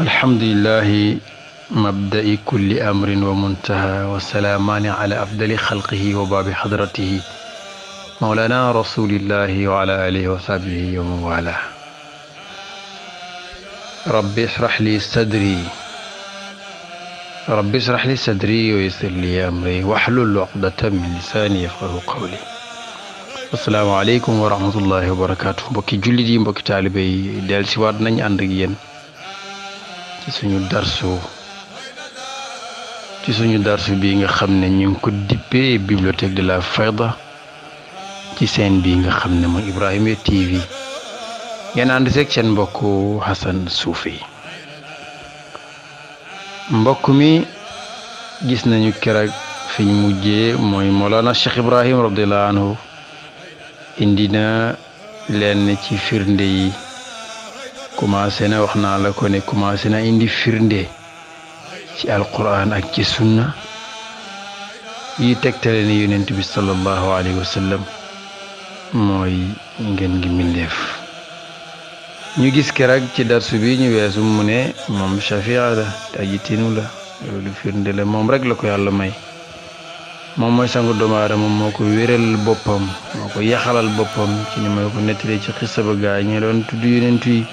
الحمد لله مبدأ كل أمر ومنتهى والسلامان على أفضل خلقه وباب حضرته مولانا رسول الله وعلى آله وصحبه ومن والاه رب اشرح لي صدري رب اشرح لي صدري ويسر لي امري واحلل عقدة من لساني يفقه قولي السلام عليكم ورحمة الله وبركاته بكي بك جلدي بك طالبي ديال سي وات ناني اندك يين تي سونو دارسو تي سونو دارسو بيغا خامن نين كو ديبي بيبليوتيك دو لا فيضه تي سين بيغا خامن مو ابراهيم تي في يان اندك سيك سين بوكو حسن صوفي mbokk mi gis nañu keroog fiñ mujje mooy Mawlana Cheikh Ibrahim radiallahu indi na leen ci firnde yi commencé na wax naa la ko ne commencé na indi firnde ci alquran ak ci sunna yi tegtale ne yonent bi sallallahu alayhi wa mooy ngeen ngi mbindeef ñu gis keroog ci darsu bi ñu weesu mu ne moom shafia la te aji la loolu firnde la moom rek la ko yàlla may moom mooy sangu doomu aadama moo ko wéral boppam moo ko yaxalal boppam ci ni may ko nettalee ci xissa ba gaa ñi doon tudd yonent yi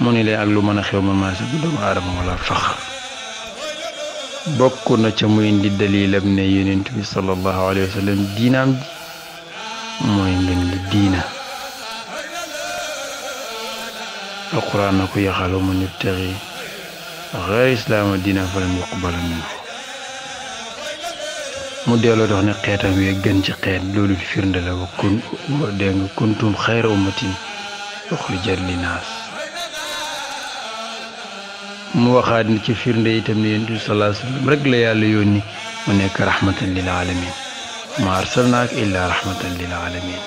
mu ni leen ak lu mën a xew ma maa sangu doomu aadama wala fax bokk ca muy indi dalilam ne yonent bi sallallahu alayhi wa ji القرآن كو يخلو من يبتغي غير إسلام الدين فلن يقبل منه mu delloo dox ne xeetam wi gën ci xeet loolu di firnde la wa kun dégg nga kuntum xayra ummatin uxrijat linaas mu waxaat ni ci firnde itam ne yonent bi salaa sallam rek la yàlla yónni mu nekk rahmatan lil alamin ma arsalnaak illa rahmatan lil alamin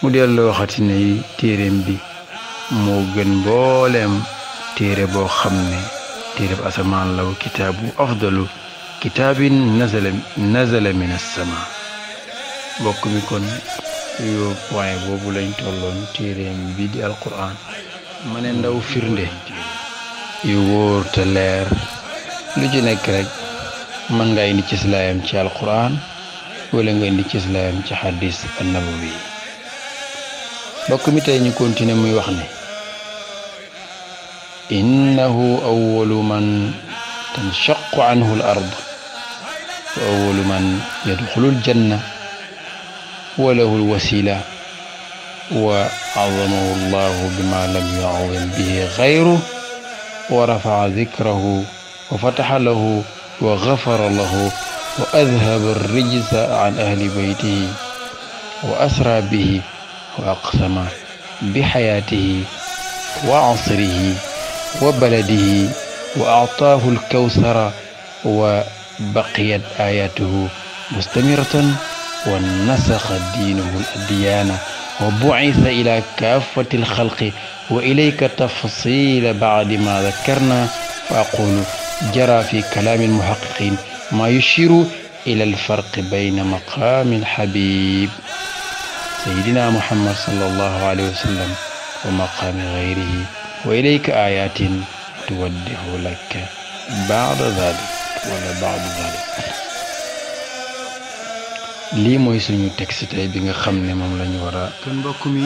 mu delloo waxati ne téeréem bi moo gën mboolem téere boo xam ne téereb asamaan law kitaabu afdalu kitaabin nazala nazala min assama bokk mi kon yo point boobu lañ tolloon téereem bi di alquran ma ne ndaw firnde yu wóor te leer lu ci nekk rekk mën nga indi cislaayam ci alquran wala nga indi cislaayam ci xadis annabawi bokk mi tey ñu continuer muy wax ne إنه أول من تنشق عنه الأرض وأول من يدخل الجنة وله الوسيلة وعظمه الله بما لم يعظم به غيره ورفع ذكره وفتح له وغفر له وأذهب الرجس عن أهل بيته وأسرى به وأقسم بحياته وعصره وبلده وأعطاه الكوثر وبقيت آياته مستمرة ونسخ دينه الأديان وبعث إلى كافة الخلق وإليك تفصيل بعد ما ذكرنا وأقول جرى في كلام المحققين ما يشير إلى الفرق بين مقام الحبيب سيدنا محمد صلى الله عليه وسلم ومقام غيره وإليك آيات توضح لك بعض ذلك wala baax bu baax lii mooy suñu texte tey bi nga xam ne moom la ñu war a. kon mbokk mi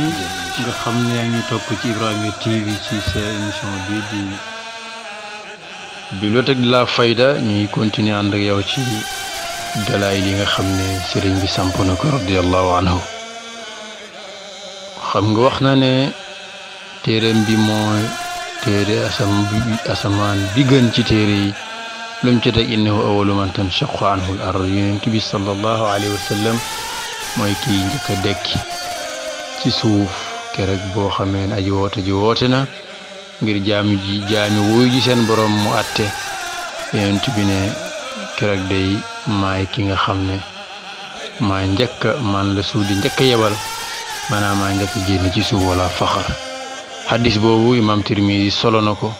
nga xam ne yaa ngi topp ci Ibrahima TV ci sa émission bi di bibliothèque de la fayda ñuy continuer ànd ak yow ci dalaay li nga xam ne sëriñ bi samp na ko radiyallahu anhu xam nga wax na ne. téereem bi mooy téere asamaan bi gën ci téere yi lum ci teg innahu awalu man tanshaqqu anhu l ard yonent bi sallallahu alayhi wa sallam mooy kii njëkk dekki ci suuf keroog boo xamee ne aji woote ji woote na ngir jaami ji jaami wuyu seen boroom mu atte yonent bi ne keroog day maay ki nga xam ne maa njëkk man la di njëkk yebal maanaam maa njëkk génn ci suuf wala faxar xaddis boobu imaam tirmidi solo na ko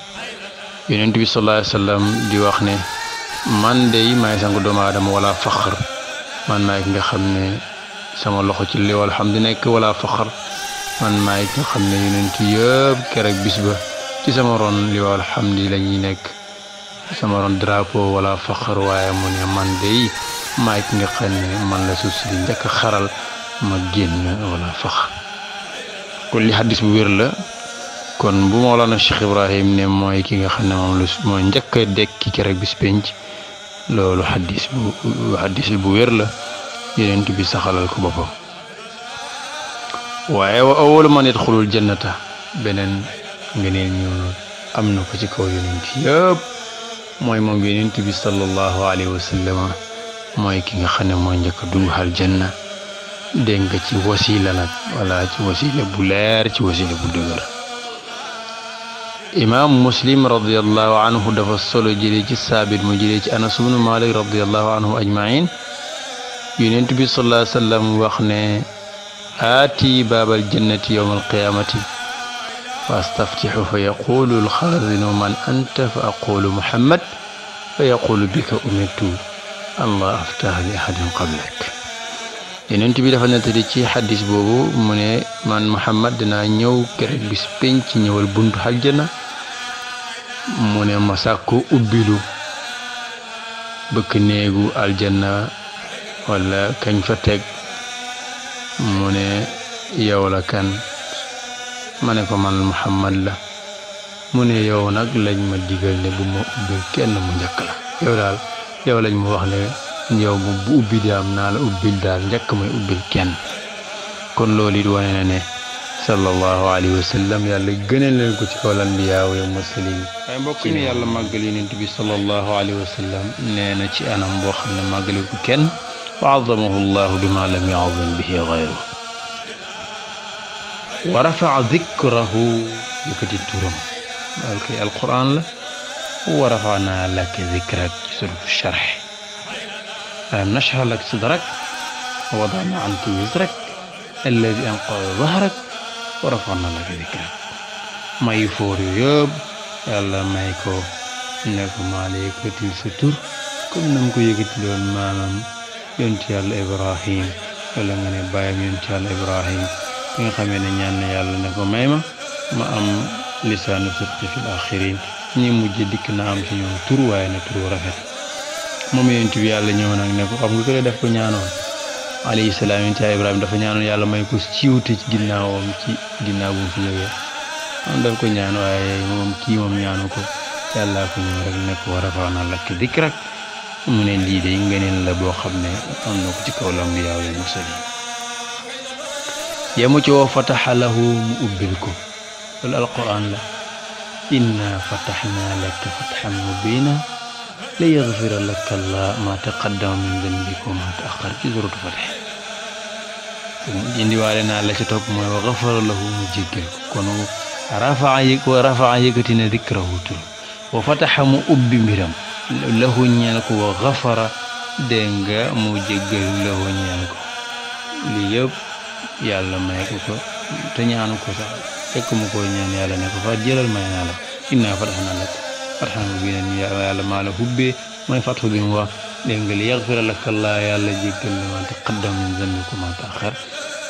yonent bi sallallahu alayhi wa sallam di wax ne man de maay sangu doomu aadama wala faxar man maay ki nga xam ne sama loxo ci liwal xam di nekk wala faxar man maay ki nga xam ne yonent yëpp keroog bis ba ci sama ron liwal xam di la ñuy nekk sama ron drapeau wala faxar waaye mu ne man de maay ki nga xam ne man la suuf si di njëkk xaral ma génn wala faxar kon li xaddis bu wér la. kon bu Mawlana Cheikh Ibrahim ne mooy ki nga xam ne moom lu moo njëkk a dekki keroog bis penc loolu xaddis bu xaddis bu wér la yonent bi saxalal ko boppam waaye wa awalu man yadxulul jannata beneen ngeneen ñëw am na ko ci kaw yonent yëpp mooy moom yonent bi sallallahu alayhi wa mooy ki nga xam ne mooy njëkk a dugg xal janna dégg nga ci wasila nag ci wasila bu leer ci wasila bu dëgër imaam muslim radiallahu anhu dafa solo jëlee ci saabit mu jëlee ci anas bnu malik radiallahu anhu ajmain yonent bi sallallahu alayhi wa sallam wax ne aati baabal jannati yowma alqiyaamati fa astaftixu fa yaqulu alxaazinu man anta fa aqulu muhammad fa yaqulu bika umirtu an laa aftaha li ahadin qablak yonent bi dafa nettali ci xaddis boobu mu ne man muhammad dinaa ñëw keroog bis penc ñëwal buntu xaljana mu ne ma sàkku ubbilu bëkk néegu aljanna walla kañ fa teg mu ne yow la kan ma ne ko man Muhammad la mu ne yow nag lañ ma digal ne bu ma ubbil kenn mu njëkk la yow daal yow lañ mu wax ne yow bu ubbi am naa la ubbil daal njëkk may ubbil kenn kon loolu it wane na ne صلى الله عليه وسلم يا يالله جنن لنكتكو الانبياء ومسلين يا يالله مقلين انتبي صلى الله عليه وسلم نينك انا لما مقلوك كن وعظمه الله بما لم يعظم به غيره ورفع ذكره يكتي الترم مالكي القرآن له ورفعنا لك ذكرك سلف الشرح نشر لك صدرك وضعنا عنك وزرك الذي أنقذ ظهرك ko rafet na la kirikaan mayu foor yu yëpp yàlla may ko nekku ko maa la yëkkatil tur comme na mu ko yëkkati loon maanaam yonti yàlla ibrahim ne bàyyam yonti yàlla ibrahim bi nga xamee ne yàlla ne ko may ma ma am lisaanu sidqi fil axirin ñi mujj dikk na ci ñoom tur waaye rafet moom yonent bi yàlla ñëw nag ne ko xam nga ko def ko ñaanoon alayhi salaam yonent yàlla ibrahim dafa ñaanoon yàlla may ko siiwte ci ginnaawam ci ginnaaw bu mu fi jógee moom daf ko ñaan waaye moom kii moom ñaanu ko yàllaa ko ñëw rek nekk war a faana lakk dikk rek mu ne lii de ngëneel la boo xam ne am na ko ci kaw lam yaaw yi musal yi yemu ci woo fataxa lahu mu ubbil ko loolu alquran la inna fataxnaa laka fatxan mubiina li yaxfira laka allah ma taqaddama min danbika wa ma taaxar ci suratu fatax indiwaale naa la ca topp mooy wa xafara lahu mu kon rafaa wa rafaa yëkkati na dikrahu wa fataxa ubbi mbiram lahu ñeel ko wa xafara dégg nga mu jéggal lahu ñeel ko lii yëpp yàlla may ko ko te ñaanu ko sax fekk mu ko ñaan yàlla ne fa jëlal may naa innaa fatax na lak fataxan mu bi ne yàlla maa la hubbee mooy fatxu bi mu wax نقول يغفر لك الله يا الله جيك اللي ما تقدم من ذنبكم ما تأخر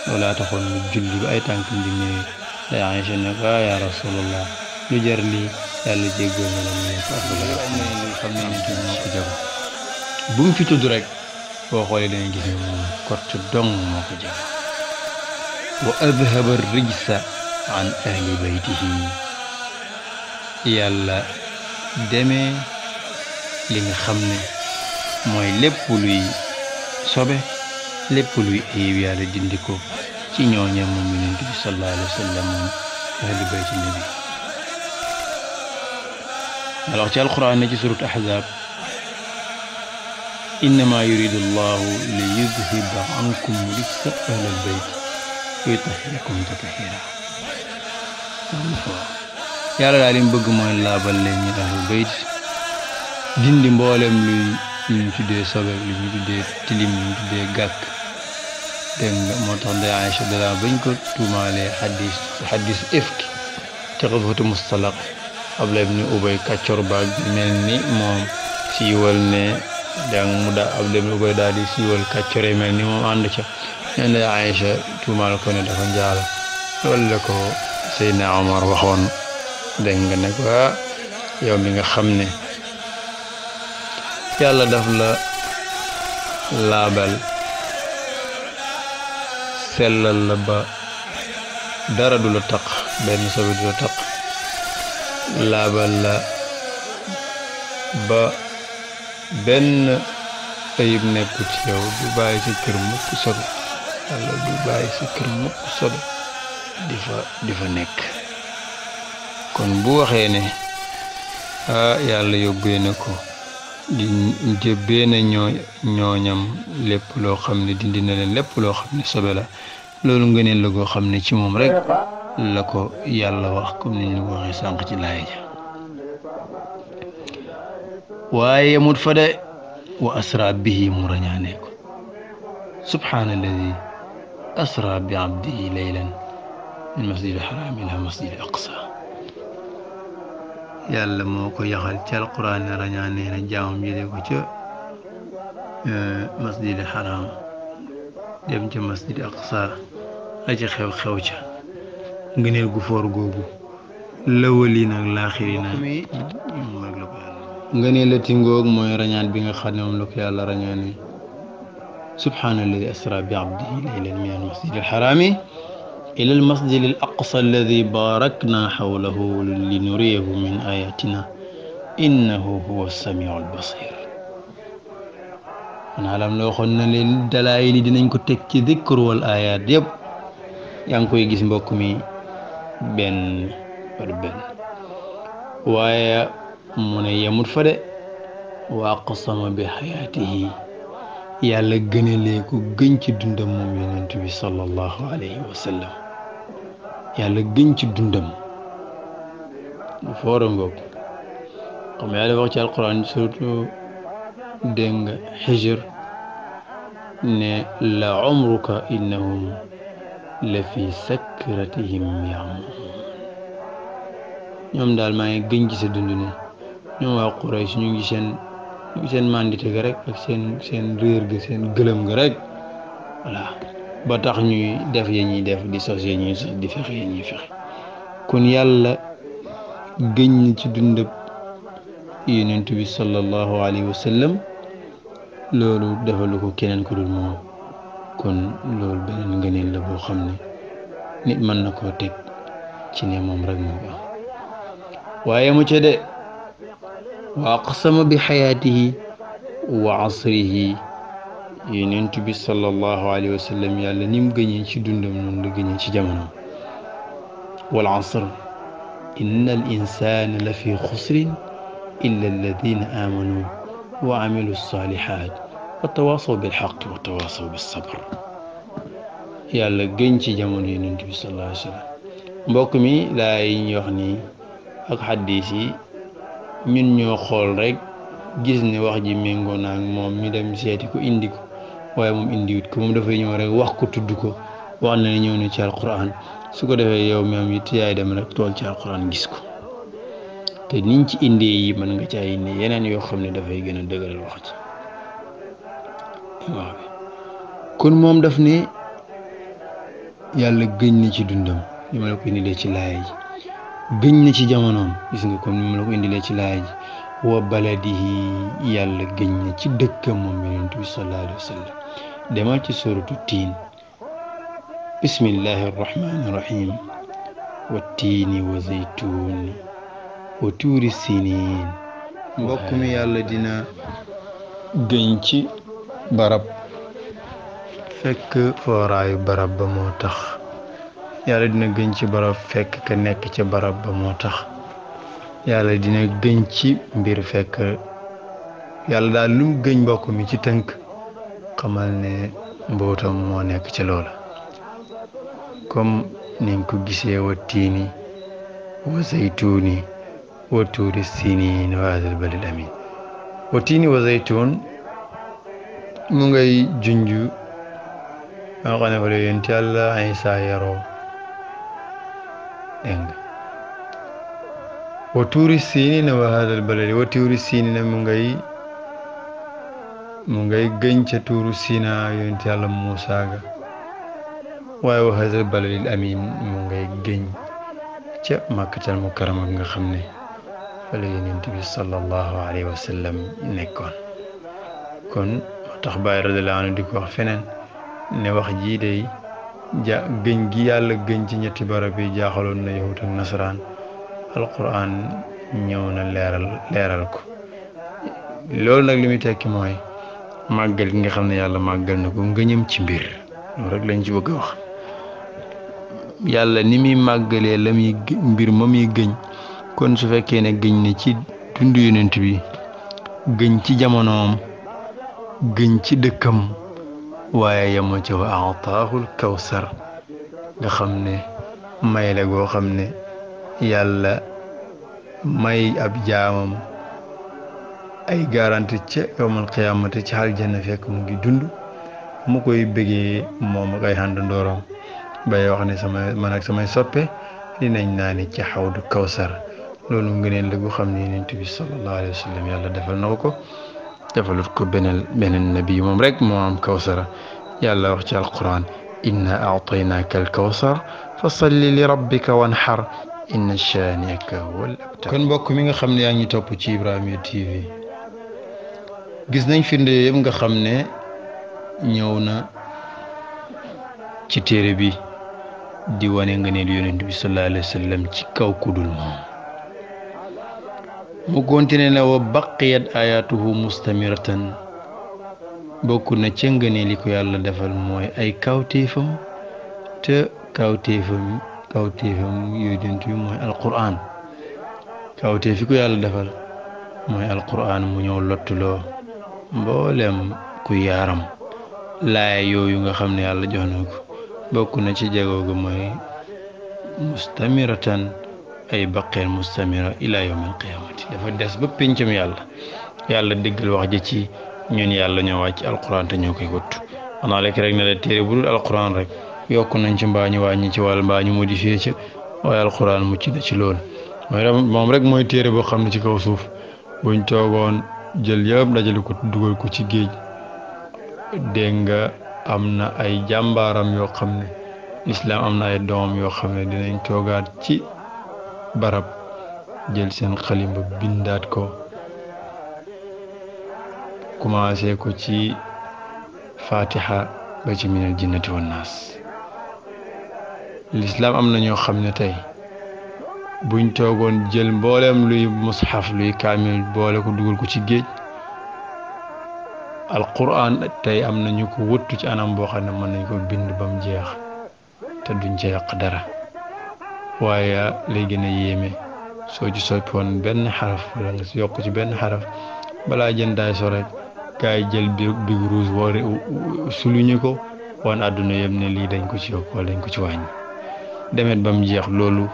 ولا تخون الجلد بأي تانك الدنيا لا يعيش النقاء يا رسول الله نجر لي يا الله جيك اللي ما تأخر بوم في تدرك وخولي لنجي كرت الدم ما تجاب وأذهب الرجس عن أهل بيته يا الله دمي لنخمه mooy lépp luy sobe lépp luy ayib yàlla dindi ko ci ñooña moom yonent bi sallallahu alayhi wa sallam moom mu bëgg mooy laabal leen ñu ahlul dindi mboolem luy li ñu tuddee sobeek li ñu tuddee tilim li ñu tuddee gàkk dégg moo tax day Aïcha dara bañ ko tuumaalee xadis xadis ifki ci xaswatu mustalaq Abdullah ibn Ubay kàccor baag mel ni moom siiwal ne dang mu daa day Aïcha tuumaal ko ne dafa njaala loolu ko Seydina Omar waxoon dégg nga ne ah, yow mi nga xam ne yàlla daf la laabal sellal la ba dara du la taq benn sobi du la taq laabal la ba benn ayib nekku ci yow du bàyyi ci kër mukk sobe yàlla du bàyyi ci kër mukk sobe di fa di fa nekk kon bu waxee ne ah yàlla yóbbee na ko di jébbee ñoo ñooñam lépp loo xam ne dindi na leen lépp loo xam ne sobe la loolu ngëneel la goo xam ne ci moom rek la ko yàlla wax comme ni ñu ko waxee sànq ci laay ja waaye yemut wa asra bihi mu rañaanee ko subhaanalladi bi abdihi laylan min masjidil xaraam yàlla moko yaxal ci alquran raña nee na jaamam jëlee ko ca masjid xaraam dem ci masjid aqsa aji xew-xew ci ngëneel gu for gogu lawali nag lakhirina nag la ko yàlla ngëneel la tingoog mooy rañaan bi nga xam mom moom ko yàlla rañane subhanallahi asra bi abdihi laylan min almasjid alxaraami إلى المسجد الأقصى الذي باركنا حوله لنريه من آياتنا إنه هو السميع البصير أنا لم لأخذنا للدلائل دينين كتك ذكر والآيات يب يانكو يجيس بوكمي بين بربين ويا من يمر فرد وأقسم بحياته يالا ليكو غنتي دوندم مومن النبي صلى الله عليه وسلم yàlla gën ci dundam lu foora ngoog xam nga yàlla wax ci alquran surtout dégg nga xijir ne la umruka innahum la fi sakratihim yamun ñoom daal maa ngi gën ci sa dund ne ñoom waa Quraysh ñu ngi seen ñu ngi seen mandite ga rek ak seen seen réer ga seen gëlëm ga rek voilà ba tax ñuy def ya ñuy def di sos ya ñuy sos di fexe ñuy fexe kon yàlla gëñ ci dundab yonent bi sallallahu alayhi wa loolu defalu ko keneen ku dul moom kon loolu beneen ngëneel la boo xam ne nit mën na koo teg ci ne moom rek moo ko am waaye mu ca de wa aqsama bi xayaatihi wa asrihi yonent bi sallallahu alayhi wa sallam yalla nim gëñe ci dundam non la gëñe ci jamono wal ان الانسان لفي خسر الا الذين امنوا وعملوا الصالحات والتواصوا بالحق والتواصوا بالصبر يالا گن سي جامون يونس بي صلى الله عليه وسلم مبوك مي لا ني وخ اك حديثي نين ньо خول ريك گيس ني وخ جي مينغونا موم مي دم سيتي كو انديكو waaye moom indiwit ko moom dafay ñëw rek wax ko tudd ko wax na ñëw na ci alquran su ko defee yow mi am it yaay dem rek tool ci alquran gis ko te niñ ci indi yi mën nga caa indi yeneen yoo xam ne dafay gën a dëgëral wax ci waaw kon moom daf ne yàlla gëñ na ci dundam ni ma la ko indilee ci laaya ji gëñ na ci jamonoom gis nga comme ni ma la ko indilee ci laaya ji wa baladihi yàlla gëñ na ci dëkkam moom yonent bi sallallahu alayhi wa demal ci suratu tiin bismillahi arrahmani irrahim wa tiini wa zeytuun wa tuuri siniin mbokk yàlla dina gën ci barab fekk fooraayu barab ba moo tax yàlla dina gën ci barab fekk ka nekk ca barab ba moo tax yàlla dina gën ci mbir fekk yàlla daal lu mu ci tënk xamal ne mbootam moo nekk ci loola comme niñ ko gisee wa tiini wa zaytuuni wa tuuri siniin wa haazal balad amin wa wa zaytuun mu ngay junj moo xam ne fa la yonent yàlla Isaa yaroo dégg nga wa tuuri siniin wa haazal balad wa tuuri siniin mu ngay mu ngay gëñ ca tuuru Sina yonent yàlla Muusaa ga waaye wa hazal baladil amin mu ngay gëñ ca Makkatal Mukarrama nga xam ne fa la yonent bi sallallahu alayhi wa sallam nekkoon kon moo tax Baay radiyallaahu anhu di ko wax feneen ne wax jii ja gëñ gi yàlla gën ci ñetti barab yi jaaxaloon na yahut ak nasaraan alquran ñëw na leeral leeral ko loolu nag li mooy màggal gi nga xam ne yàlla màggal na ko ngëñam ci mbir loolu rek lañ ci bëgg a wax yàlla ni muy màggalee la mbir ma muy gëñ kon su fekkee ne gëñ ne ci dund yonent bi gëñ ci jamonoom gëñ ci dëkkam waaye yamo ci wa aataaxul kawsar nga xam ne mayle goo xam ne yàlla may ab jaamam ay garanti ca yowmal qiyaamati ci aljanna fekk mu ngi dund mu koy bëggee moom ak ay àndandooram bay wax ne sama man ak samay soppe dinañ naa ni ci xawdu kawsar loolu ngëneel la gu xam ne yonent bi sallallahu alayhi defal na ko defalut ko beneen beneen nabi moom rek moo am kawsara yàlla wax ci alquran inna aataynaka alkawsar fa salli li rabbika wanxar inna shaaniaka wal abtar mbokk mi nga xam ne yaa ngi topp ci Ibrahima TV gis nañ firnde yëpp nga xam ne ñëw na ci téere bi di wane nga ne yonent bi sallallahu alayhi ci kaw kudul moom mu continué ne wa baqiyat ayatuhu mustamiratan bokk na ca nga ko yàlla defal mooy ay kawtéefam te kawtéefam kawtéefam yonent ko yàlla defal mooy alquran mu ñëw lottuloo mboolem ku yaaram laay yooyu nga xam ne yàlla jox na ko bokk na ci jagoo ga mooy mustamiratan ay baqeen mustamira ila yawmil qiyamati dafa des ba péncam yàlla yàlla déggal wax ji ci ñun yàlla ñoo wàcc alquran te ñoo koy wut xanaa lekk rek ne la téere bu dul alquran rek yokk nañ ci mbaa ñu wàññi ci wàll mbaa ñu modifié ci waaye mu mucc na ci loolu moom rek mooy téere boo xam ne ci kaw suuf buñ toogoon jël yëpp dajale ko dugal ko ci géej dégg nga am na ay jàmbaaram yoo xam ne lislaam am na ay doom yoo xam ne dinañ toogaat ci barab jël seen xalimba bindaat ko commencé ko ci fatiha ba ci minal jinnati wannaas lislaam am na ñoo xam ne tey buñ toogoon jël mbooleem luy mushaf luy kaamil boole ko dugal ko ci géej alquran tey am na ñu ko wëttu ci anam boo xam ne mën nañ ko bind ba mu jeex te duñ ca yàq dara waaye lay gën yéeme soo ci soppi woon benn xaraf wala nga si yokk ci benn xaraf balaa jën daay so rek gaa jël bi big ruus woore suluñu ko wan àdduna yëpp ne lii dañ ko ci yokk wala dañ ko ci wàññi demet ba mu jeex loolu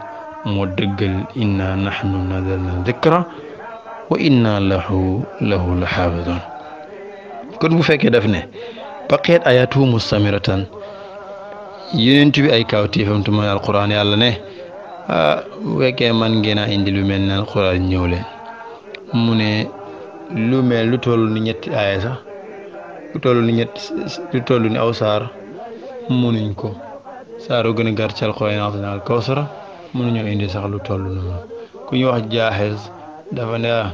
moo dëggal inna nahnu nazalna dikra wa inna lahu lahu la xaafidoon kon bu fekkee daf ne baqeet ayatuhu mustamiratan yonent bi ay kawtéefam tu mooy alquran yàlla ne ah bu man ngeen a indi lu mel ne alquran ñëw mu ne lu mel lu toll ni ñetti aaya sax lu toll ni ñetti lu toll ni aw saar munuñ ko saaru gën a gàtt ci alquran naa kaw sara mënuñoo indi sax lu toll noonu ku ñu wax jaaxees dafa ne ah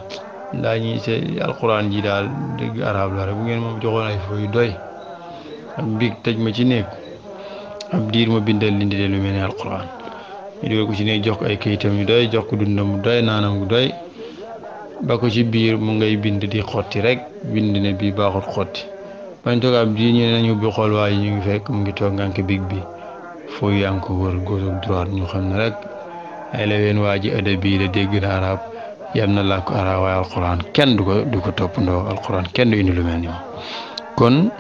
ndaa ñi se alquran ji daal dégg arab la rek bu ngeen moom joxoon ay fooy doy ak biig tëj ma ci néeg ab diir ma bindal lindi de lu mel ni alquran ñu dugal ko ci néeg jox ko ay kayitam yu doy jox ko dundam bu doy naanam bu doy ba ko ci biir mu ngay bind di xotti rek bind ne bii baaxut xotti bañ toog ab diir ñu ne nañu bi xool waaye ñu ngi fekk mu ngi toog ngànk big bi foo yaa ngi ko wër ñu xamne rek ay la ween waa ji adab dégg na arab yamna la ko ara waaye alquran kenn du ko du ko toppandoo alquran kenn indi lu melni ni kon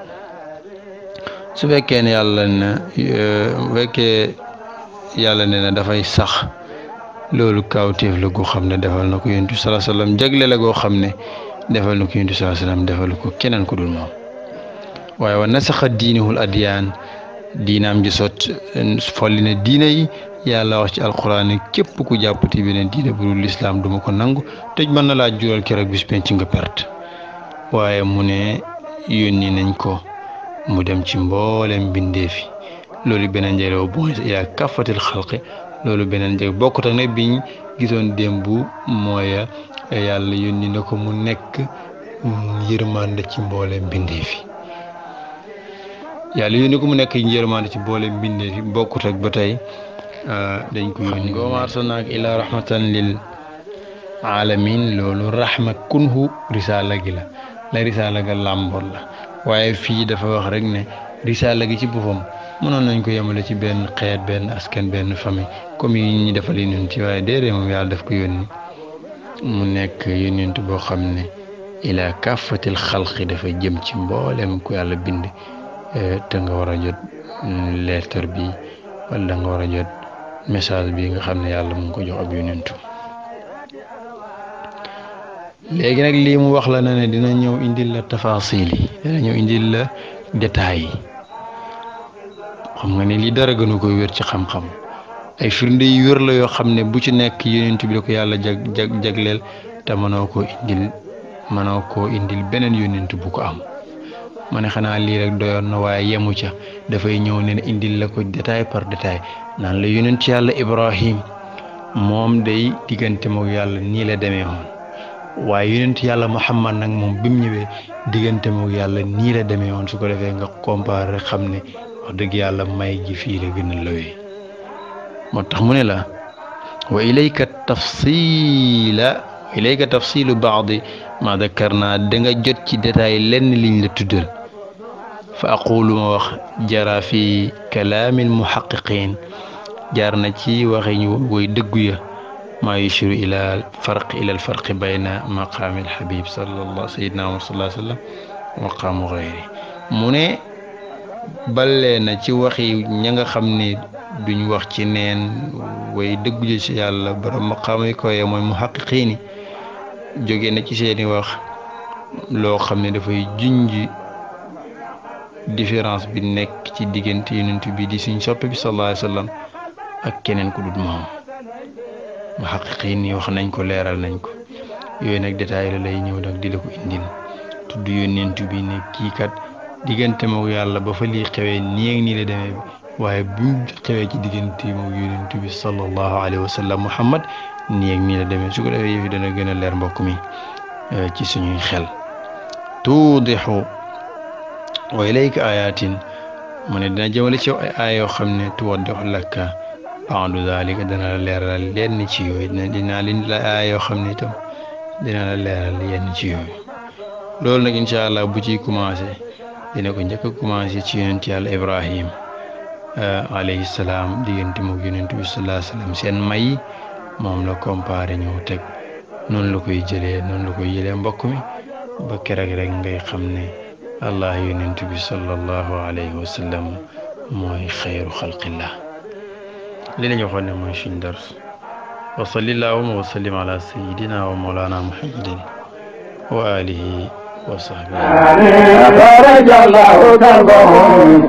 su fekkee ne yàlla ne bu fekkee yàlla ne na fay sax loolu kawtef la go xamne defal nako ko sallallahu alayhi wasallam salaam jagle la goo xam defal nako ko sallallahu alayhi wasallam defal ko kenen ko dul mom waya wa nasaxa diinihul adyaan diinaam ji sot folli na diina yi yàlla wax ci alquran ne képp ku jàppati beneen diina bu dul lislaam duma ko nangu tëj mën na laa jural keroog bis penc nga perte waaye mu ne yónni nañ ko mu dem ci mboolem bindeefi loolu beneen njëriñ bu yaa kàffatil xalqi loolu beneen njëriñ bokkut ak ne biñ gisoon bu mooy yàlla yónni na ko mu nekk yërmande ci mboolem bindeefi yàlla yónni ko mu nekk njërmaande ci mboole mbindee fi bokkut ak ba tey ah, dañ ko yónni wa maa arsalnaaka illaa rahmatan lil alamin loolu rahma kunhu risaala gi la la risaala ga làmbool la waaye fii dafa wax rek ne risaala gi ci boppam mënoon nañ ko yemale ci benn xeet benn askan benn famille comme yi ñu defal yonent ci waaye déedéet moom yàlla daf ko yónni mu nekk yonent boo xam ne ilaa kàffatil yi dafa jëm ci mboolem ku yàlla bind te eh, nga war a jot eh, leetar bi wala nga war a jot message bi nga xam ne yàlla mu ngi ko jox ab yonentu léegi nag lii mu wax la na ne dina ñëw indil la tafasil yi dina ñëw indil la détails yi xam nga ne lii dara gënu ko wér ci xam-xam ay firnde yu wér la yoo xam ne bu ci nekk yonent bi ko yàlla jag jag jagleel te mënoo indil mënoo koo indil beneen yonent bu ko am ma ne xanaa lii rek doyoon na waaye yemu ca dafay ñëw ne indil la ko détail par détail naan la yonent yàlla Ibrahim moom day diggante moog yàlla nii la demee woon waaye yonent yàlla Muhammad nag moom bi mu ñëwee diggante moog yàlla nii la demee woon su ko defee nga comparer xam ne wax dëgg yàlla may gi fii la gën a lawee moo tax mu ne la wa ilayka tafsila ilayka tafsilu baadi ma dakarna da nga jot ci détail lenn liñ la tuddal فaqulu ma wax jara fi kalaamil muxaqiqiin jaar na ci waxiñu way dëggu ya maa yushiru ila farq ila alfarqi bayna maqaami alxabib sallallahu sayidina wa sallallahu sallam maqaamu xayri mu ne ballee na ci waxi ña nga xam ne duñ wax ci neen way dëggu ja ci yàlla borom maqaam yi koye mooy muxaqiqiini jóge na ci seeni wax loo xam ne dafay junj différence bi nek ci digënté yonent bi di señ soppe bi sallallahu alayhi wasallam ak keneen ku dut mom mu haqiqin yi wax nañ ko léral nañ ko yoy nak détail la lay ñëw nak di la ko indil tuddu yonent bi nek ki kat digënté mo yàlla ba fa li xewé ni ak ni la démé waye bu xewé ci digënté mo yonent bi sallallahu alayhi wasallam muhammad ni ak ni la démé su ko défé yëfi dana gëna lér mbokk mi ci suñuy xel توضح wa ilayka ayatin mu ne dina jëmale ci ay aay yoo xam ne tuwaddihu laka ba'du zalika dina la leeral lenn ci yooyu dina dina leen la aay yoo xam ne itam dina la leeral yenn ci yooyu loolu nag incha allah bu ciy commencé dina ko njëkk a commencé ci yonent yàlla Ibrahim eh, alayhi salaam diggante moom yonent bi salaa salaam seen may moom la comparé ñu teg noonu la koy jëlee noonu la koy jëlee mbokk mi ba keroog rek ngay xam ne. الله ينتبي صلى الله عليه وسلم موي خير خلق الله لنا يخوانا موي شندر وصلى الله وسلم على سيدنا ومولانا محمد وآله وصحبه الله دربهم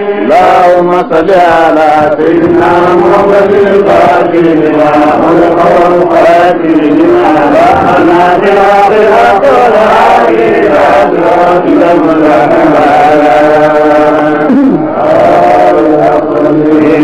اللهم صل على سيدنا محمد القاتل لما خلق والقاتل لما باعنا فراق الحق والعاقل الى صراط المستقيم